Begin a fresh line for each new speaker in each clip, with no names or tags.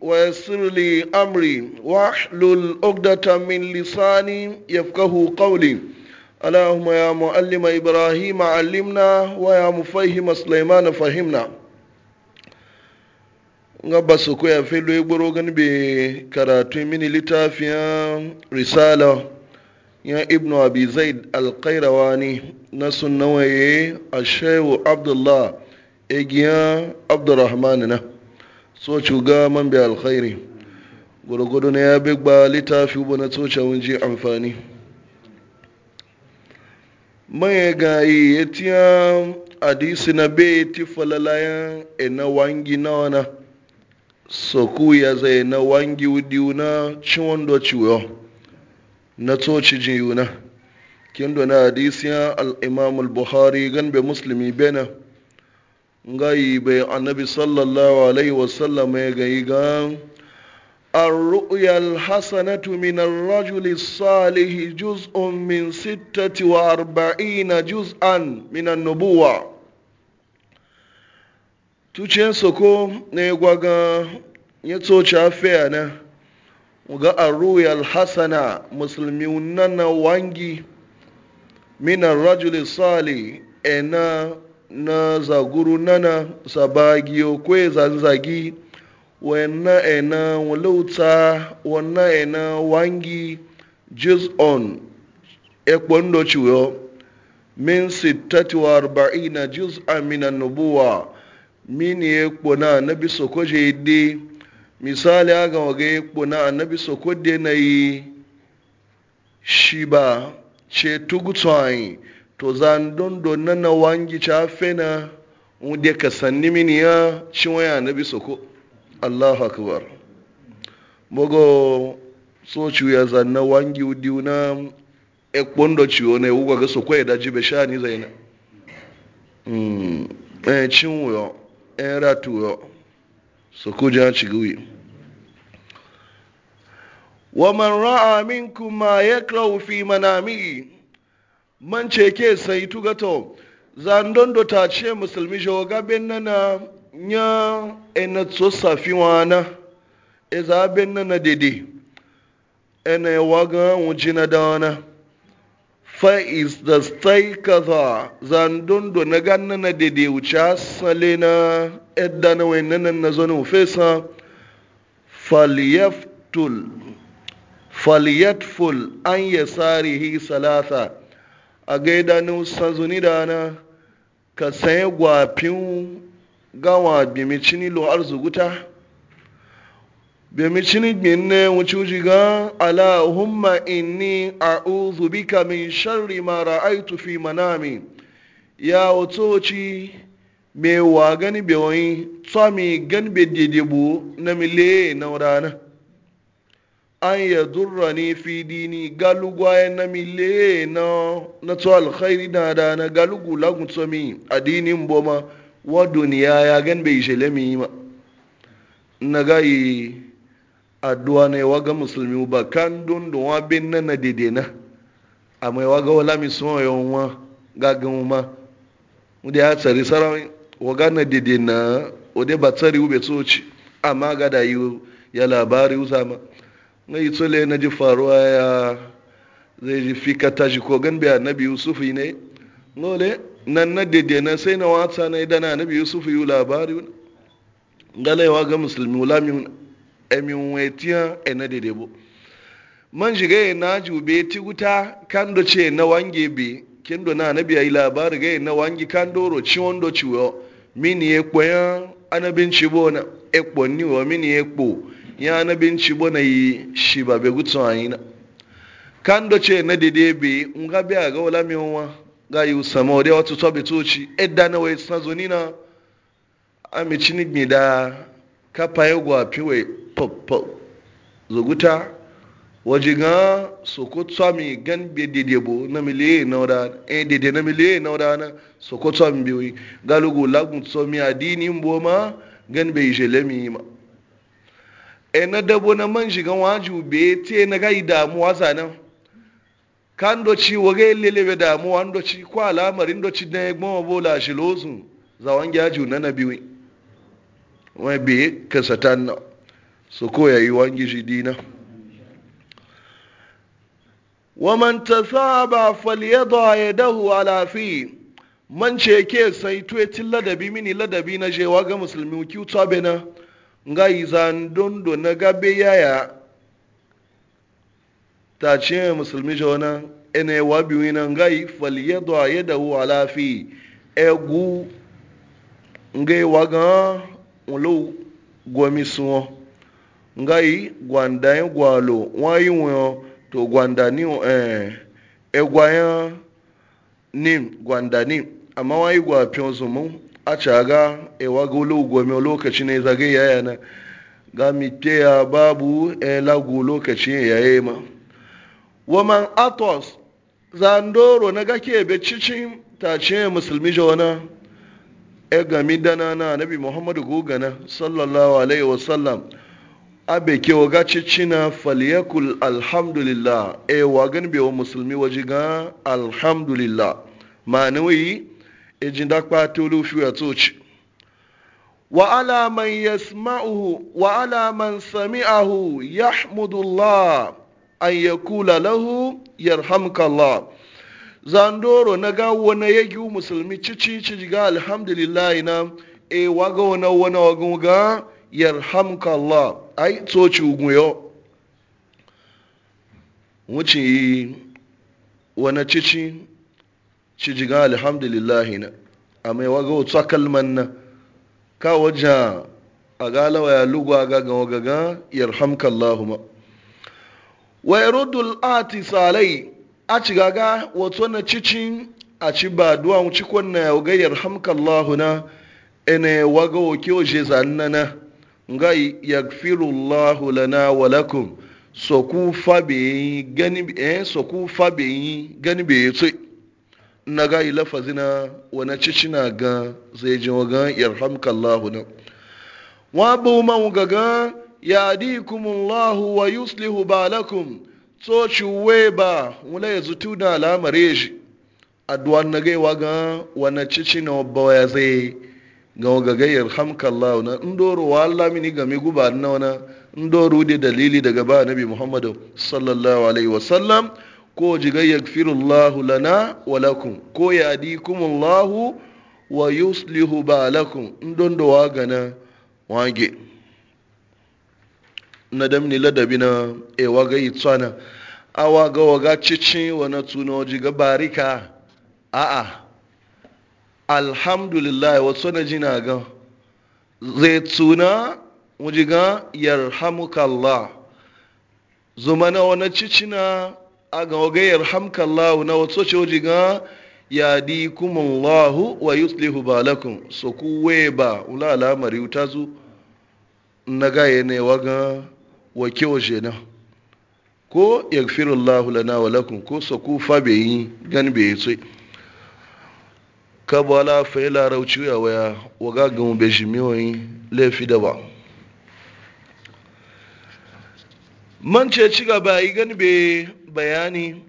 ويسر لي أمري واحلل عقدة من لساني يفقه قولي اللهم يا معلم إبراهيم علمنا ويا مفهم سليمان فهمنا nga ba su koya filo ya gboro gani bai karatu mini littafin risala ya ibnu abi zaid alkairawani na sunnawaye a shehu abdullah egiyan abdurrahman na so cuga man bi alkhairi gwargwado na ya bi ba littafi ba na tsoce wunji amfani maya gayi ya tiya hadisi na bai ti falalayan ina e wangi na wana soku ya zai e na wangi wudiyu na ciwon da ciwo na tsoci jiyuna kin na hadisi ya al-imam al-buhari gan bai musulmi bena ngai bai annabi sallallahu alaihi wasallam ya gai gan الرؤيا الحسنة من الرجل الصالح جزء من ستة وأربعين جزءا من النبوة tucin soko ne gwaga ya tsoci afiya na ga arruya Hassana, musulmi nan na wangi minan rajuli sali ena na zaguru nana sabagiyo kwe zanzagi wena ena wulauta wanna ena wangi juz on ekwondo chiwo min sittati wa arba'ina juz'an amina nubuwa mini ekpo na annabi sokoje de misali aga wage ekpo na annabi sokode na yi shiba che tugutsayin to zan don don na na wangi cafe mu wude ka sanni mini ya ci waya na soko. ko allahu akbar mogo so ci ya zan na wangi wudi na ekpondo ci wona wuga ga so kwaye da jibe ni zaina mm eh cin wuyo eh ratu wuyo so ko jan ci wa man ra'a minkum ma يكره fi منامه man ce ke sai tuga to zandon do ta ce musulmi shoga bin nana nya ena so safi wana e za bin nana dede ena waga wujina na dawana. fa is da stay kaza zandon do na ganna na dede wuce sale na edda na nana na zo na fesa falyaftul falyatful an yasarihi salasa a gaida ni sanzuni da na ka sanye gwafin gawa bimicini lo arzuguta bimicini gbinne wuce ga alahumma inni a'udhu bika min sharri ma ra'aitu fi manami ya wuce me wa gani bewoyin tsami gan bedede na mile na rana an ya durra ne fi dini galugwayen na mile na na to alkhairi na da na galugu lagun tsomi addinin boma wa duniya ya gan bai shele mi ma na gayi addu'a ne wa ga musulmi ba kan don don wa bin na na dede na amma wa ga wala mi so yon wa ga gan ma mu da ya tsari sarawin wa ga na dede na o de ba tsari ube tsoci amma ga da yi ya labari ma na yi tsule na ji faruwa ya zai ji fika ta shi kogan biya na biyu sufi ne nole nan na dede na sai na wata na dana na biyu sufi yi labari galewa ga musulmi wulamin emin wetiya e na dede bo man shiga na jube ti wuta kando ce na wange bi kendo na na biya yi labari ga na wange kando ro ci wando ciwo mini ekpo ya anabin bo na ekpo ni wa mini ekpo ya na binci bona yi shi ba be gutsu na. kan do ce na dede be nga be ga wala mi wa ga yu samo de watu to ci. edda na we sa zonina ami chini gmida kapa yego apiwe pop pop zoguta waje wajiga sokotwa mi gan be dede bo na le na wada e dede na le na wada na sokotwa mi biwi galugo lagun so mi adini mboma gan be jelemi ma e na dabo na man shiga waju be te na gai damuwa zanen kan doci wage lelewe damuwa doci ko alamarin doci na ya gbama bola shi lozu zawon gyaju na na nabi. wai be kasatan na su ya yi wangi shi dina waman ta saba falyada ya dahu alafi man ce ke sai tuwe ladabi mini ladabi na jewa ga musulmi kyuta bena nga izan dondo na gabe yaya ta ce musulmi jona ene wa biyu na nga yi faliyadu a yadda wu alafi egu nga yi waga ulo gomi suwo nga yi gwanda yi gwalo yi wuyo to gwanda ni eh egwaya e nim gwanda nim amma wayi gwa pion zumu a caga ewa gulu gome lokaci ne zage yaya na ga ya babu e lagu lokaci yaye ma waman atos zandoro na gake be cicin ta ce musulmi jona. e gami dana na nabi muhammadu gugana sallallahu alaihi wasallam abe ke waga cicina faliyakul alhamdulillah e wagan bewa musulmi waje ga alhamdulillah ma'anawi ejin dakpa tulu fiya tsoci wa ala man yasma'uhu wa ala man sami'ahu yahmudullah an yakula lahu yarhamkallah zandoro na ga wani yagi musulmi cici cici ga alhamdulillah na e waga wani wani wagun ga yarhamkallah ai tsoci ugunyo wuce wani cici ci jiga alhamdulillahi na a mai waga wata kalman na ka wajen a galawa ya lugwa gagan wagagan yarhamka ma wa ya ati salai a ci gaga wato na cicin a ci ba duwa wuci kwanna ya waga yarhamka Allahuna ene waga wake waje zannana ngai yagfirullahu lana wa lakum so ku fabe gani eh so ku fabe gani be yace na ga yi lafazina wani cicina ga zai ji waga Allahu na wa bu ga ga ya Allahu wa yuslihu balakum tsoci we ba wula ya zutu na alamare shi addu'a na gai waga wani cicina ba ya zai ga waga ga Allahu na ndoro wa Allah mini ga mi guba na wana ndoro da dalili daga ba nabi Muhammadu sallallahu alaihi wasallam ko jiga yaghfirullahu lana wa lakum ko yahdikumullahu wa yuslihu balakum ndon do na wage na damni ladabi na e waga itsana awa ga waga cici wana tuna jiga barika a'a alhamdulillah wasu na jina ga zai tuna wajiga yarhamukallah zumana wani na. aga ya rahamka Allah na wato coji ga ya di kuma Allah wa yuslihu alakun so ku weba ula alamari uta zu na gaye ne wake wa shena na ko gafiru Allah lana wa lakum ko so ku fa bai yi gan be yi kabala fai rauci ya waya wa ga gamu be shi miyoyi laifi da ba man ce ci gaba yi gan be bayani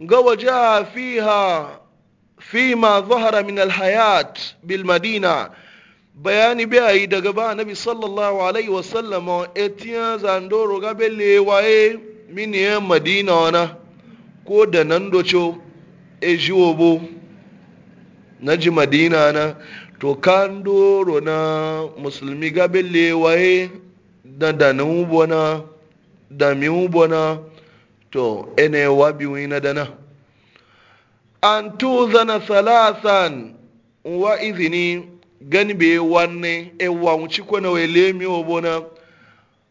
ga waja fiha fima zahara min alhayat bil madina bayani bai ayi daga ba nabi sallallahu alaihi wasallama etiya zandoro ga belle waye miniyan madina wana ko da nan doco e jiwobo na ji madina na to kan doro na musulmi ga belle waye da danin ubona da mi ubona to ene wabi wina dana an tuzana salasan wa izini gani be wanne e wa wuci ko na wele mi obona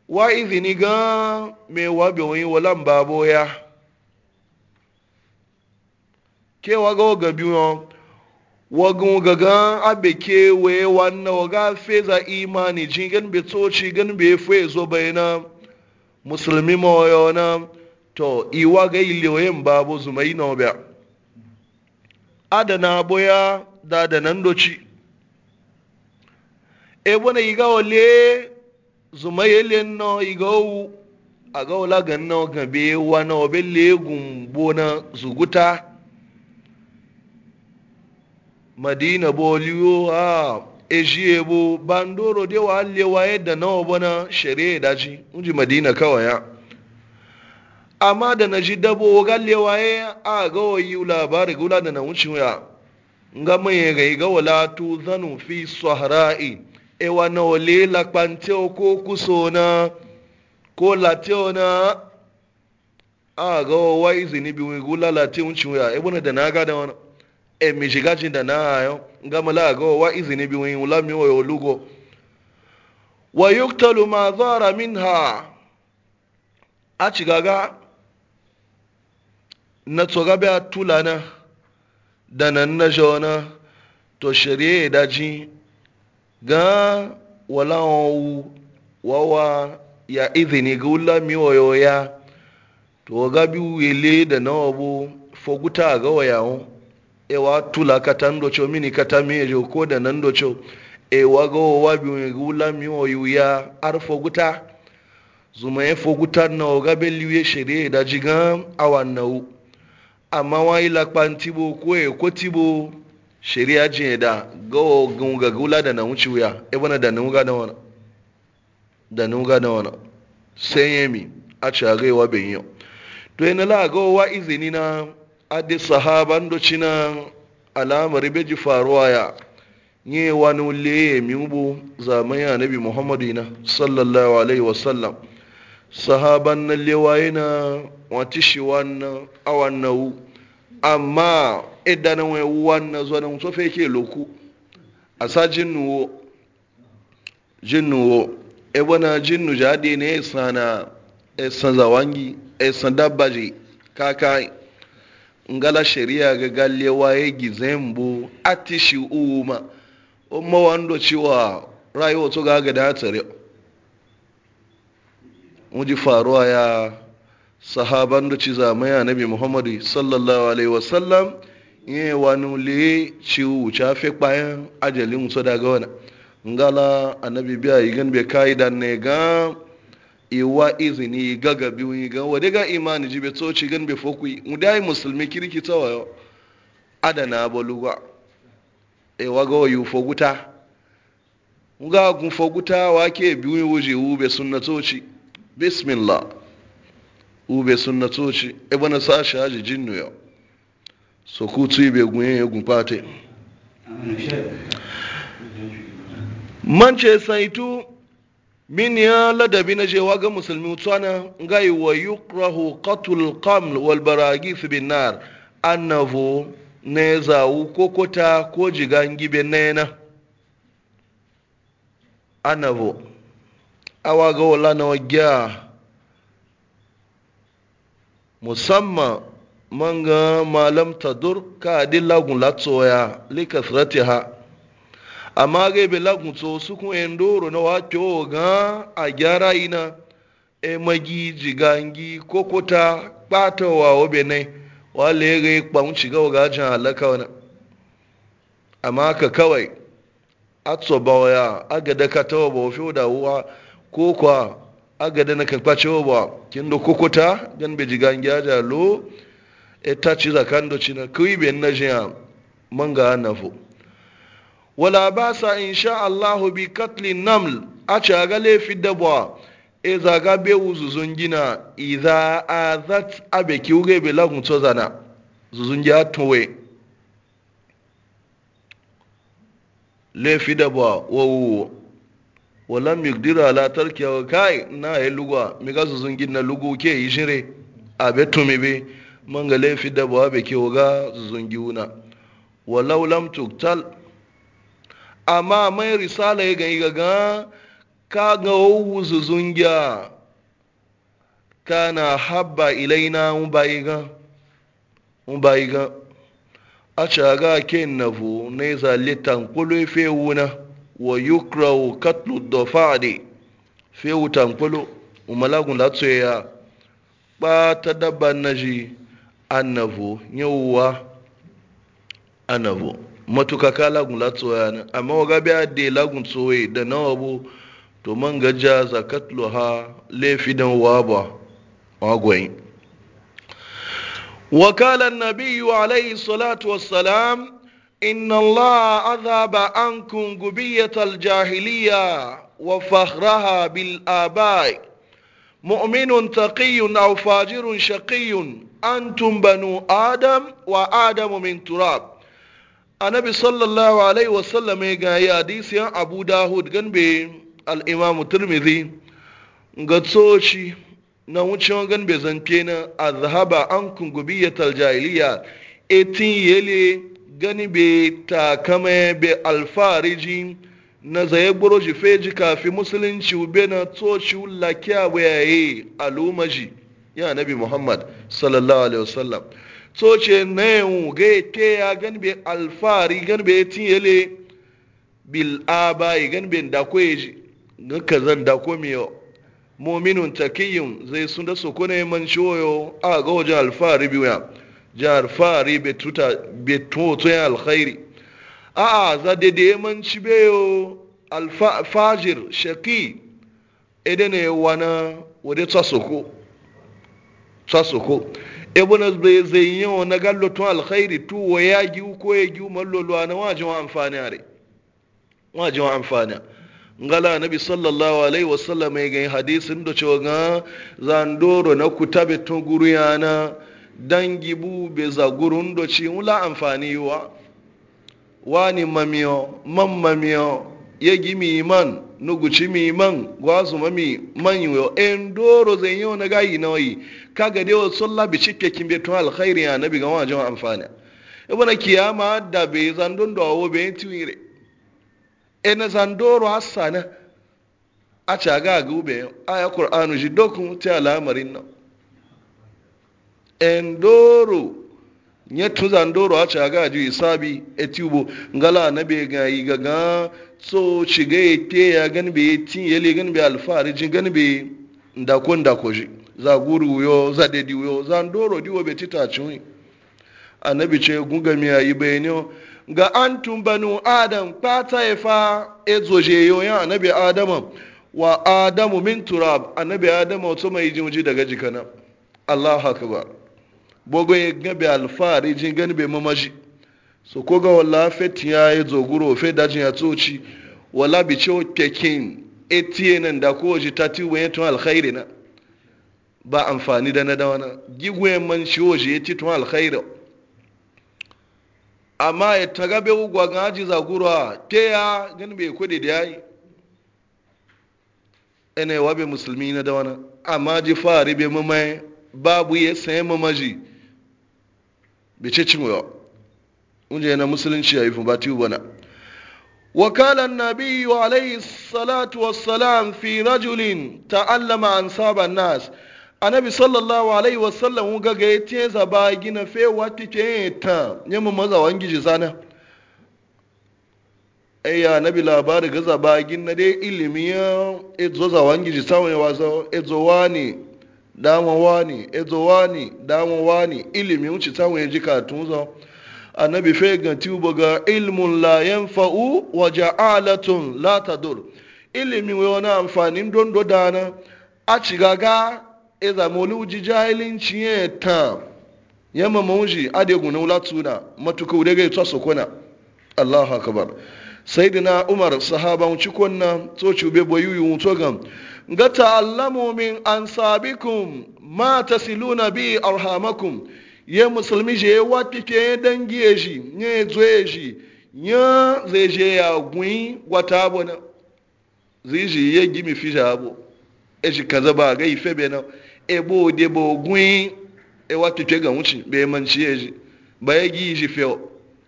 wa izini ga me wabi wani wala babo ya ke wa ga ga biyo wa ga ga ga abe ke we wanne wa ga feza imani ganbe gan be toci gan be bayana musulmi ma na. to iwa ga iliyoyin babu zumai na obiya adana boya da da nan doci e wani iga wale zumai ile na iga wu a ga wala ga na gabe na obi legun bona zuguta madina boliyo a eji bo bandoro dewa alewa yadda na obana shari'a daji unji madina kawai ya amma da na ji dabo gallewa ya a ga yi labari gula da na wuce wuya ga mai gai ga wala zanu fi sahra'i e wa na wale la panteo ko kusona ko lationa a ga wa zini bi wi gula la ti wuce ya e bona da na ga da wani e mi shiga jin da na ayo ga mala ga wa zini bi wi wala mi wo lugo wa yuktalu ma zara minha a gaga na tsogabe a tulana da nan na jona to shirye ya daji ga wa wawa ya izini ga wula miwayo ya to gabi wele da nawa bu foguta ga wayawo ewa e tula katan docho mini kata mejo ko da nan docho ewa ga wawa biyu ga wula miwayo ya ar foguta zuma ya foguta na gabe liwe shirye ya daji ga awan nau amma wa yi lakpan tibo ko ya ko tibu shari'a jin da gawo gunga gula da na wuce wuya ibana da nuga da wana da nuga da wana sai yemi a ci agaiwa bin yau to yi nala gawo wa izini na adi sahaban doci na alamar beji faruwa ya nye wani leye miubu zaman ya nabi muhammadu na sallallahu alaihi wasallam sahaban na lewaye na shi wannan awan nawu amma idan wai wannan zonan so fe ke loku asa jinnuwo jinnuwo e jinnu jade ne sana e san e zawangi e san dabbaji kaka ngala sheria ga galle waye gizembu atishi uma umma wando ciwa rayuwa to ga ga da tare mu ji faruwa ya sahaban da ci zamaya nabi muhammadu sallallahu alaihi wasallam yi wani le ci wuce fi kwayan ajalin wuce daga wani ngala nabi biya yi gan bai kayi da ne ga iwa izini ga gabi yi ga wade ga imani ji bai toci gan bai fokui mu dai musulmi kirki ta wayo adana baluwa e waga wayu foguta mu ga gun foguta wake biyu wuje wu bai sunna toci bismillah ube sunna toci ibana e sashi haji jinnu yau so ku yi bai gunye ya Man ce, saitu min ya ladabi na jewa ga musulmi tsana gai wa yukrahu qatul qaml wal fi bin nar annabu ne zawu kokota ko jigan gibe nena annabu. awa ga wala na wagya musamman manga malam tadur ka adi lagun latsoya sirati ha amma ga ibe lagun to su kun endoro na wato ga a gyara ina e magi jigangi kokota wa obe ne wale ga un shiga ga jan halaka wani amma ka kawai atso bawaya agada ka tawo ba fi da uwa ko kwa agada na kan kwace ba kendo kokota gan be jiga ngiaja lo eta chiza kando china na jiya manga anafo wala basa insha Allah bi katli naml acha ga lefi dabwa e zaga be uzuzun gina idza azat abeki uge be lagun tozana zuzun ja towe lefi dabwa wo walam yugdira la tarkiya kai na yi lugwa mi ga su zungin na lugu ke yi shire a betu mi be man ga laifi da ba be ke ga su zungi una walau lam tuktal amma mai risala ya ga ga ga ka ga wu su zungiya kana habba ilaina mun bayi ga mun ga a caga ke nafu ne zalitan kulo fe wuna wa yukrahu katlu dafa'di fe wutan kulo umalagun latsoya ya ba ta dabba naji annavo yawwa annavo matuka ka lagun latsoya ne amma waga biya de lagun tsoye da nawa bu to man gaja zakatlu ha lefi dan waba wagwayin Nabiyu النبي salatu wa salam. إن الله أذهب عنكم قبية الجاهلية وفخرها بالآباء مؤمن تقي أو فاجر شقي أنتم بنو آدم وآدم من تراب annabi sallallahu alaihi wasallam ya ga ya hadisiyan abu dahud ganbe al'imamu turmizi ga tsoci na wucewa ganbe zanke na azhaba an kungubiyatar jahiliya 18 e gani be takame be alfariji na zaye gboro ji feji kafi musulunci ube na tsoci lakiya wayaye alumaji ya nabi muhammad sallallahu alaihi wasallam tsoce na yau ga te ya gani be alfari gani be tiyele bil abai gani be dako ya ji ka zan dako miyo mominun takiyin zai sun da sokone manciwoyo a ga wajen alfari biyu ya jihar fari beto tsoyin alkhairi a za daidai yamanci beyo alfajir shaki idan ya wana wadda tsasoko tsasoko ibn e bai zai yi wa na gallo tun alkhairi tu wa ya gi ko ya giwu malloluwa na wajen wa amfani a rai wajen wa amfani ngala nabi sallallahu alaihi wasallam ya gani hadisin da cewa ga zandoro na kuta tun guru yana dangi bu be zagurun do ci wula amfani wa wani mamiyo man mamiyo ya gimi man nuguci mi man gwazu mami man yo en doro zai yau na gayi wayi? kaga dai wa sulla bi cike kin bi to alkhairi ya nabi ga wajen amfani ibn e kiyama da be zandun do wo be tiwire en zandoro hasana a ga gube aya qur'anu ji dokun ta alamarin nan endoro nye tuza ndoro acha caga a isabi etubo ngala na be ga yi gaga so shiga ya te ya gani be tin yele gan gani be alfahari jin gani be ndako ndako ji za guru yo za dedi yo za ndoro diwo be tita cin Anabi ce gunga mi yi bayani ga antum banu adam pata efa fa ezoje yo ya anabi adam wa adamu min turab anabi adam wato mai jinji daga jikana Allahu akbar bogo ya gabe alfahari jin gani bai mamaji so ko ga wala feti ya yi zoguro fe dajin ya tsoci wala bi cewa kekin etiye nan da ko waje ta tiwo ya tun alkhairi na ba amfani da na da wani gigwe man shi waje ya titun alkhairi amma ya e taga bai ugwa ga aji zaguro a te ya gani bai kudi da ya yi ene wabe musulmi na da wana amma ji fari bai mamaye babu ya sayan mamaji bice cimoya unje na musulunci yayi fumbati bana wa alayhi salatu wassalam fi rajulin ta'allama an أنصاب nas annabi sallallahu alaihi wasallam ga ga ya ce za ba gina fe wati ce ta ya maza wangiji sana ai ya nabi labari ga za ba gina dai ilimi ya ezo za wangiji sawa ya wazo ezo wani dama wani ezo wani dama wani ilimi wuce ta wani ji katun annabi fe ganti ubo ga ilmun la yanfa'u wa ja'alatun la tadur ilimi wai wani amfani don dodana a cigaga e zamoli uji jahilin ya ta yamma mawuji adegu na wulatuna matuka udega ya tsaso kuna allahu akabar. sayidina umar sahaba cikon na to cube boyu yi to gam ga ta'allamu min ansabikum ma tasiluna bi arhamakum ye musulmi je wati ke dangi eji nye zoeji nye zeje ya gwi wata abu na ji ye gimi fija abu eji kaza ba ga ife be na ebo de bo gwi e wati ke ga wuci be manci eji ba ye gi ji fe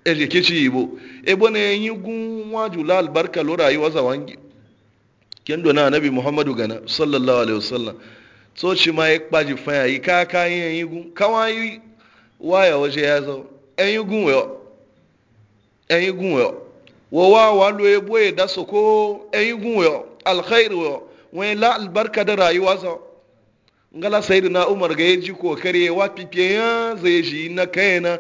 eji kici ibo ebo na yin gun wajula albarka yi waza zawangi kendo na anabi muhammadu gana sallallahu alaihi wasallam so ci ma ya kpaji fanya yi ka ka yi yan yigun kawa yi waya waje ya zo yan yigun wayo yan yigun wayo wa wa wa lo ye bo ye daso ko yan yigun wayo alkhair wayo wani la albarka da rayuwa sa ngala sayyidina umar ga yaji kokari wa pipiye ya zai ji na kaina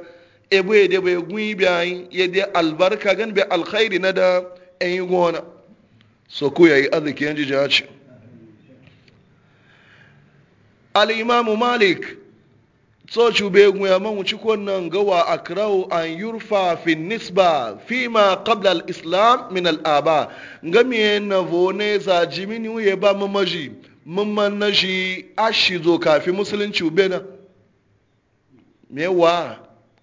e de da bai gun bi yi ya de albarka gan bi alkhair na da yan yigun wana. so ku yayi arziki yanzu jaci al-imamu malik tsoci begun ya man wuci wannan gawa akrau an yurfa fi nisba fi ma qabla al-islam min al-aba na vone za jimini ye ba mamaji mamman na shi ashi zo kafin musulunci ubena mewa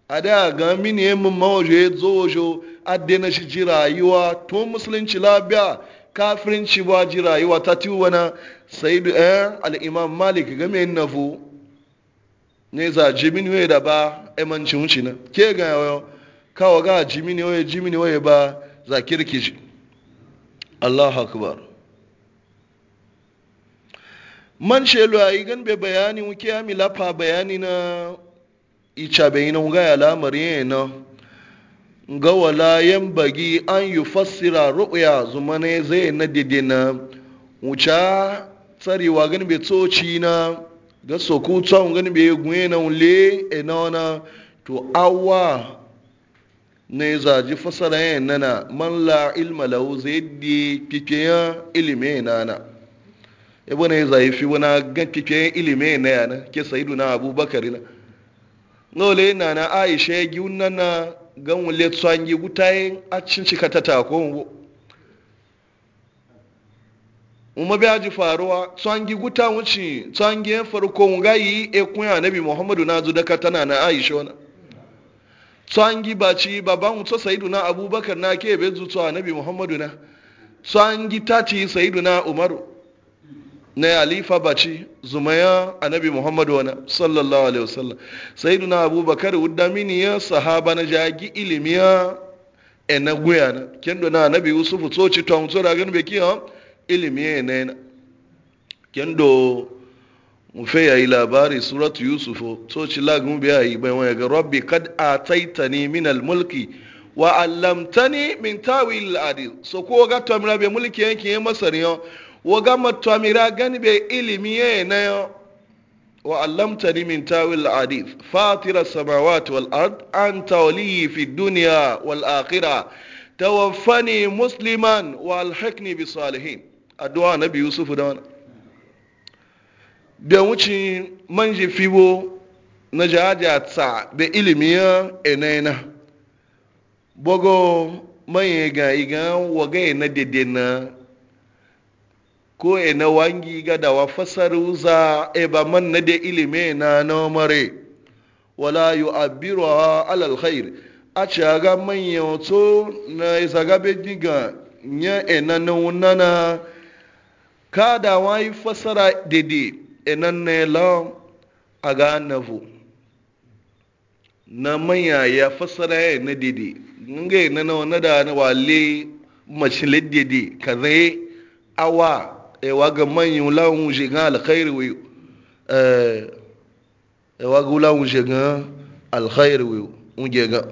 a da ga mini ye mamman waje zo shi ji rayuwa to musulunci labiya kafirinci ba ji rayuwa ta ti wani sayidu ɗaya eh, al'imam malik game yin nafu, ne za jimini waye da ba emancin eh, wuce na ke ga yawa kawo ga jimini waye jimini waye ba za ji allah akbar man ce a yi gan be bayani wuke ya milafa bayani na ica bayi na wuga ya yana ga wala yan bagi an yi fassira ru'ya zuma ne zai na didina wuce tsarewa gani bai tsoci na ga tsawon gani bai gwe na wule ina e wana to awa ne zaji fassara yan nana man la ilma lahu zai di fifiyan ilimi na. ibu ne zai fi wani gan fifiyan ilimi na yana ke sayidu na abubakar na ngole na na aisha giunan na gan wule tsangi gutayen a cincika ta takon Umar bi aji faruwa tsangi guta wuce tsangi farko ga yi e kunya nabi muhammadu na zudaka tana na aisha wana tsangi ba ci baban wuce na abubakar na ke bezu tsawa nabi muhammadu na tsangi ta ci saidu na umaru na Alifa baci zumaya annabi muhammad wani sallallahu alaihi wasallam duna abubakar wudamini ya sahaba na jagi ilimiya ena guyana kendo na annabi yusufu tsoci ton tsora gan be kiya ilimiya ena e kendo mufe ya yi labari suratu yusufu tsoci lagun biya yi bai wani ga rabbi kad ni min almulki mulki wa allamtani min tawil adil so ko ga tamra be mulki yankin yau waga matamira gani be ilimi ye na yo wa allamtani min tawil hadith fatira samawati wal ard anta waliyi fi dunya wal akhirah tawaffani musliman wa alhaqni bi salihin addu'a nabi yusuf da wani da wuce fibo na jajata da ilimiya enena bogo man ga iga waga na dede na ko e na wangi ga da wa fasaru za e ba man na da ilime na wala yu wala yu'abbiru alal khair a ci ga manya wato na isa e ga be diga nya e na wunana ka da wa yi fasara dede e na na e a ga navu na manya ya fasara ya e na dede nga na na da wale mashilid dede ka zai awa ewa ga manyan lawon wuje ga alkhairi wiyo ewa e ga lawon wuje ga alkhairi wiyo ga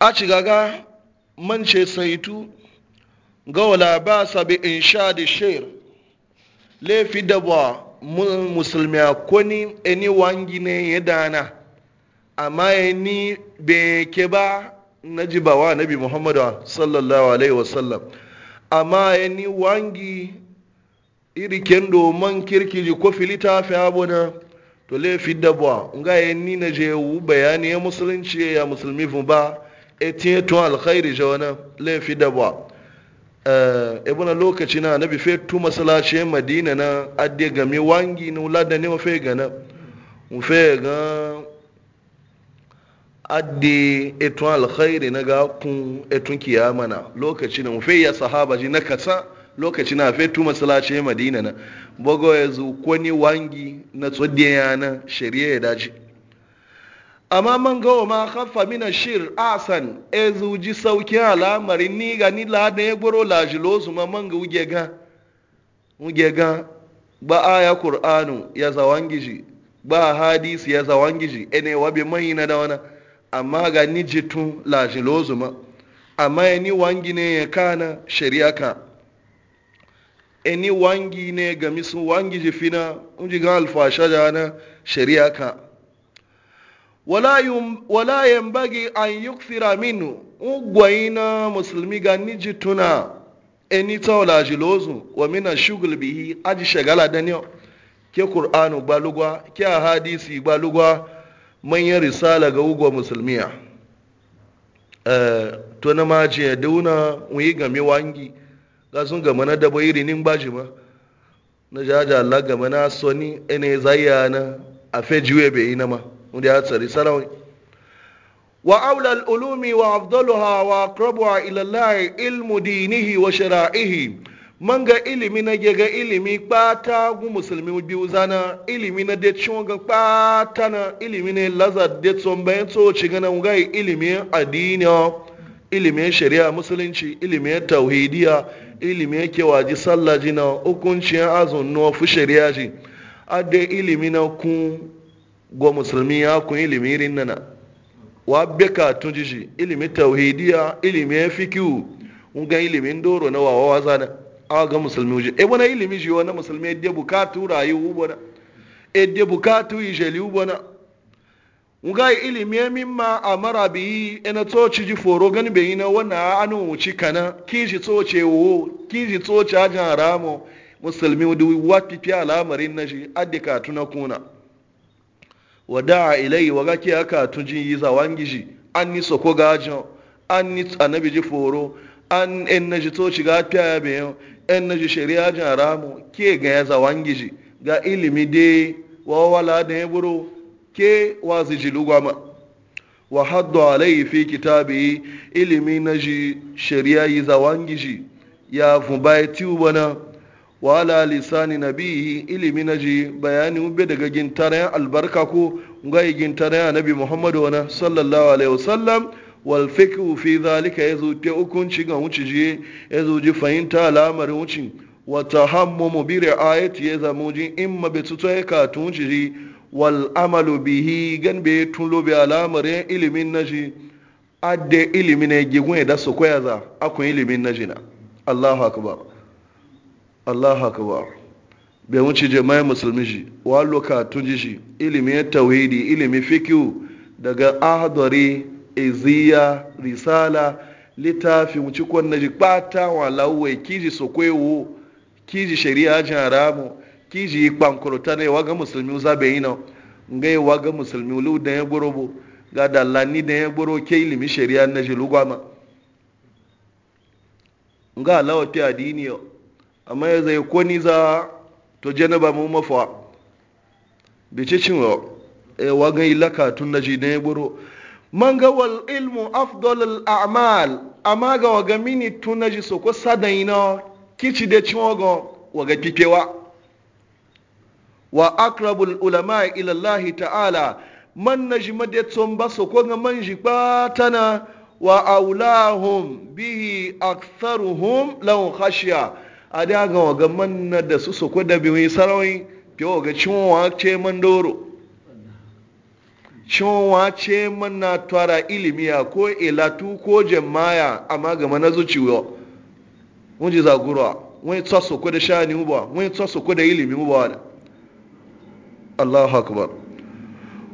a ci gaga mance saitu ga wala ba sabi in sha da shir laifi da ba musulmi koni eni wangi ne ya dana amma ya ni bai ke ba na jibawa nabi muhammadu sallallahu alaihi wasallam amma ya ni wangi iri kendo man ji ko filita fi abuna to laifi dabwa. nga ya ni na je wu bayani ya musulunci ya musulmi fun ba etiye tun alkhairi je fi laifi dabuwa eh, ebuna lokaci na nabi fe tu masalaci madina na adde game wangi na wula da ne fe gana mu fe gan adde etun alkhairi na gakun etun kiyama na lokaci na mufe ya sahaba ji na kasa lokaci na fe tu masalace madina na bogo ya zu kwani wangi na tsodiya yana shari'a ya dace amma man ga ma khaffa min shir asan e ji sauki alamari ni ga ni la da gboro la lo su ma man ga uge ga uge ga ba aya qur'anu ya zawangiji ba hadisi ya zawangiji ene wabe mai na da wana amma ga ni jitun lajilozuma, amma yani wangi ne ya kana shari'a ka e ni wangi ne ga misun wangi jifina unji ga alfasha da na shari'a ka wala ya bagi an yukfira minu ugwai na musulmi ga ni jituna e ni ta lajilozu wa mina shugul bihi aji shagala daniel ke Kur'anu gbalugwa ke hadisi gbalugwa manyan risala ga ugwa musulmiya eh, to na maji ya duna wuyi game wangi ga sun gama na daba iri nin baji ma na jaja Allah gama na soni ene zayya na a fejiwe bai yi na ma wanda ya tsari sarawai wa aula al'ulumi wa afdaluha wa akrabuwa ilallahi ilmu dinihi wa shara'ihi man ga ilimi na ga ilimi kpata gu musulmi biyu zana ilimi na de ciwon ga kpata na ilimi ne laza de tsombayin tsoci gana ga ilimin addini ilimin shari'a musulunci ilimin tauhidiya ilimin kewaji sallaji na hukuncin azun no fu shari'a ji ade ilimi na kun go musulmi ya kun ilimi irin nana wa beka tun jiji ilimin tauhidiya ilimin fikihu ga ilimin doro na wawa zana a ga musulmi wuce e wani ilimi shi wani musulmi yadda e, bukatu rayu ubona yadda e, bukatu yi sheli ubona nga ilimi ya e, mimma a mara biyi ina tsoci ji foro gani bai na a anu wuce kana kishi tsoce wo kishi tsoce ajin haramu musulmi wadda wafi fi al'amarin na shi adika tuna kuna a ilai wa gake aka tunji yi zawan shi an ni soko gajin an ni tsanabi ji foro an in na ji tsoci ga fiya bayan 'yan na ji shari'a jin ramu ke ga ya zawangi ga ilimi dai wawala da ya buru ke wazi ji lugwama wa haddu alayhi fi kitabi ilimi na ji shari'a yi zawangi gishi ya fubai tiwbana wa ala lisani nabihi ilimi na ji bayani ube daga gintaren albarka ko ngai gintaren nabi muhammadu wana sallallahu alaihi wasallam wal fi zalika yazo te hukunci ga wuce ya yazo ji fahimta lamarin wuce wa mu bi ra'ayat ya zamo ji in ma bi tuto ya katun wuce ji wal amalu bihi gan be tun lo alamar lamarin ilimin naji adde ilimin ne gigun da su koya za akun ilimin naji na Allahu akbar Allahu akbar bai wuce jama'a musulmi shi wa katun ji shi ilimin tauhidi ilimin fiqhu daga ahadari eziya risala littafi mu cikon na ji kpata wa lawai kiji su kiji shari'a ajin aramu kiji yi kpankurta ne waga musulmi zabe yi na yi waga musulmi lu da ya gboro bu ga dallani da ya gboro ke ilimi shari'a na ji lugwama nga alawa ta adini yau amma ya zai koni za to ba mu mafa bi cicin yau e waga ilaka tun na ji da ya gboro man ga wal ilmu afdol al a'mal amma ga waga mini tunaji so ko sadaina kici de cimogo waga pipewa wa akrabul ulama ila Allah ta'ala man najma de tsomba so ko ga manji patana wa aulahum bihi aktharuhum law khashya ada ga waga man da su so ko da bi sarawin ga waga chimowa ce mandoro cewa ce mana ilimi ilimiya ko ilatu ko jemmaya amma magama na zuciwa wani ji zagurwa wani tsaso ko da shani uba wani tsaso ko da ilimi uba da allahu akbar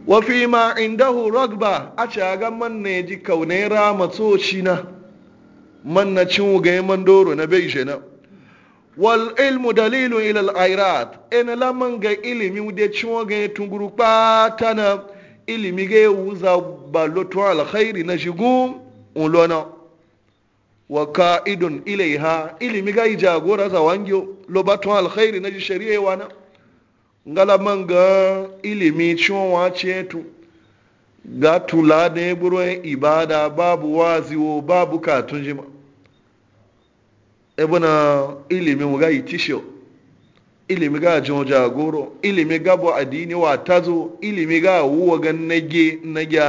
wafi ma indahu ragba a ce a ga manna ya ji kaunai rama Man na manna cin wuga man doro na bai shi na wal ilmu dalilu ilal airat ina laman ga ilimi wude cin wuga ya tunguru ɓata na ilimi ga wuza ba lotun alkhairi na shigo ulona wa ka'idun ilaiha ilimi ga yi jagora za wangyo lobatun alkhairi na shari'a wana ngala manga ilimi cewa ce ga tula da e ibada babu waziwo babu katun jima ebuna ilimi mu ga yi ilimi ga jin jagoro ilimi ga bu adini wa tazo ilimi ga wuwa gan nage nage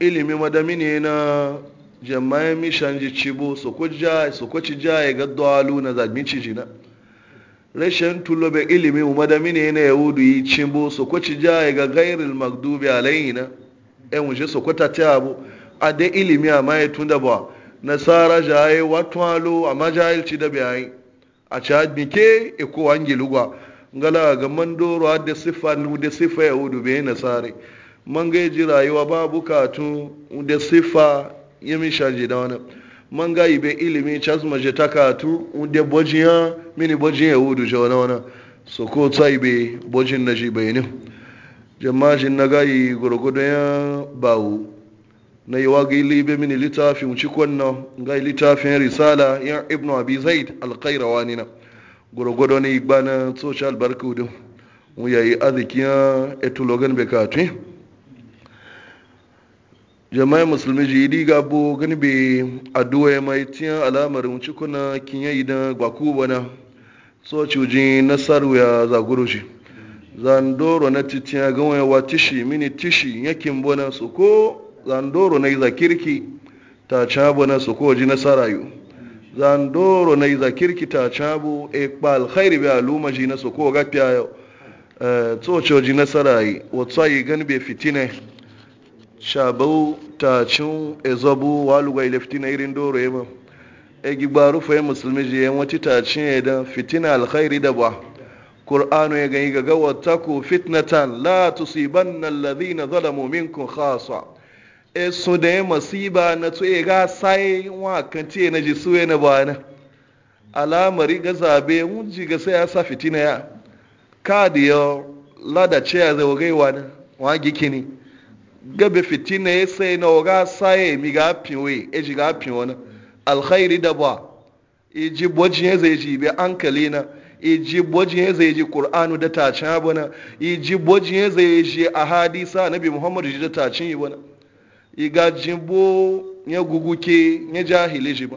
ilimi madami ne na jama'a mi shanji cibo su ko ci jaye ga dalu na zagin cijina rashin tulobe ilimi madami ne na yahudu yi cibo su ko ci jaye ga gairil magdubi alayina yan e wuce su ko ta abu a dai ilimi a maye tun da ba nasara jaye watwalo alo a ci da bayani a cad mike iko e wange lugwa ngala ga mandoro da sifa nu da sifa yahudu be nasare man ga ji rayuwa ba bukatu da sifa mi shaji da wani man ga ibe ilimi chazma je takatu da bojiya mini bojin hudu je wani wani so ko tsaibe bojin naji bayani jama'ajin na gayi gurgudu ya bawo na yi wa gaili be mini littafin cikon nan ga littafin risala yan ibnu abi zaid alkairawa ne na gwargwado ne igba na tsoci albarka hudu mu yayi arzikin etologan bekatun jama'a musulmi ji idi gabo gani be addu'a mai tiyan alamarin cikuna kinya idan gbaku bana tsoci ji nasaru ya zaguru shi doro na titiya gawa ya wa tishi mini tishi yakin bana su ko zandoro na iza kirki ta cabo na su koji na sarayu zandoro na iza kirki ta cabo e kpa alkhairi bi aluma ji na su ko ga fiya e, tsoco ji na sarayi wata yi gani bai fitine shabau ta cin ezobu waluwa ile fitina irin doro ya ba e, e gigba rufe ya musulmi ji yan e wata ta cin edan fitina alkhairi da ba Kur'anu ya gani ga gawa taku fitnatan la tusibanna alladhina zalamu minkum khasa eso da ya masiba na tsoye ga sai wa kan ce na ji suwe na bana alamari ga zabe mun ji ga sai ya sa fitina ya ka da ya lada ce ya zai wa na wa gikini gabe fitina ya sai na ga sai mi ga pinwe e ji ga pinwo na alkhairi da ba e ji bojin ya zai ji bi ankali na e ji bojin ya zai ji qur'anu da tacin abuna e ji bojin ya zai ji ahadisa nabi muhammadu ji da tacin yi bana iga jimbo ya guguke ya jahili shi ba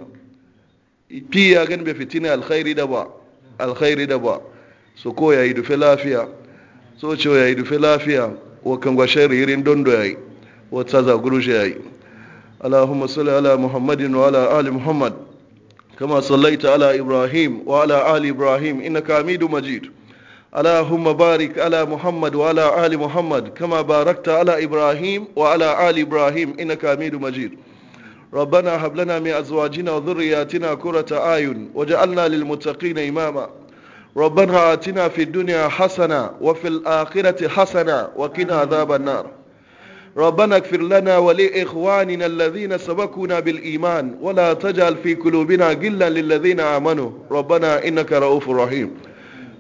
fi ya gani fitina alkhairi da ba alkhairi da ba so ko ya yi dufe lafiya so ce ya yi dufe lafiya wa kan gwashe ririn dondo ya yi wa tsaza gurushe ya yi allahumma salli ala muhammadin wa ala ali muhammad kama sallaita ala ibrahim wa ala ali ibrahim innaka hamidu majid اللهم بارك على محمد وعلى آل محمد كما باركت على إبراهيم وعلى آل إبراهيم إنك حميد مجيد ربنا هب لنا من أزواجنا وذرياتنا كرة أعين وجعلنا للمتقين إماما ربنا آتنا في الدنيا حسنة وفي الآخرة حسنة وقنا عذاب النار ربنا اغفر لنا ولإخواننا الذين سبقونا بالإيمان ولا تجعل في قلوبنا غلا للذين آمنوا ربنا إنك رؤوف رحيم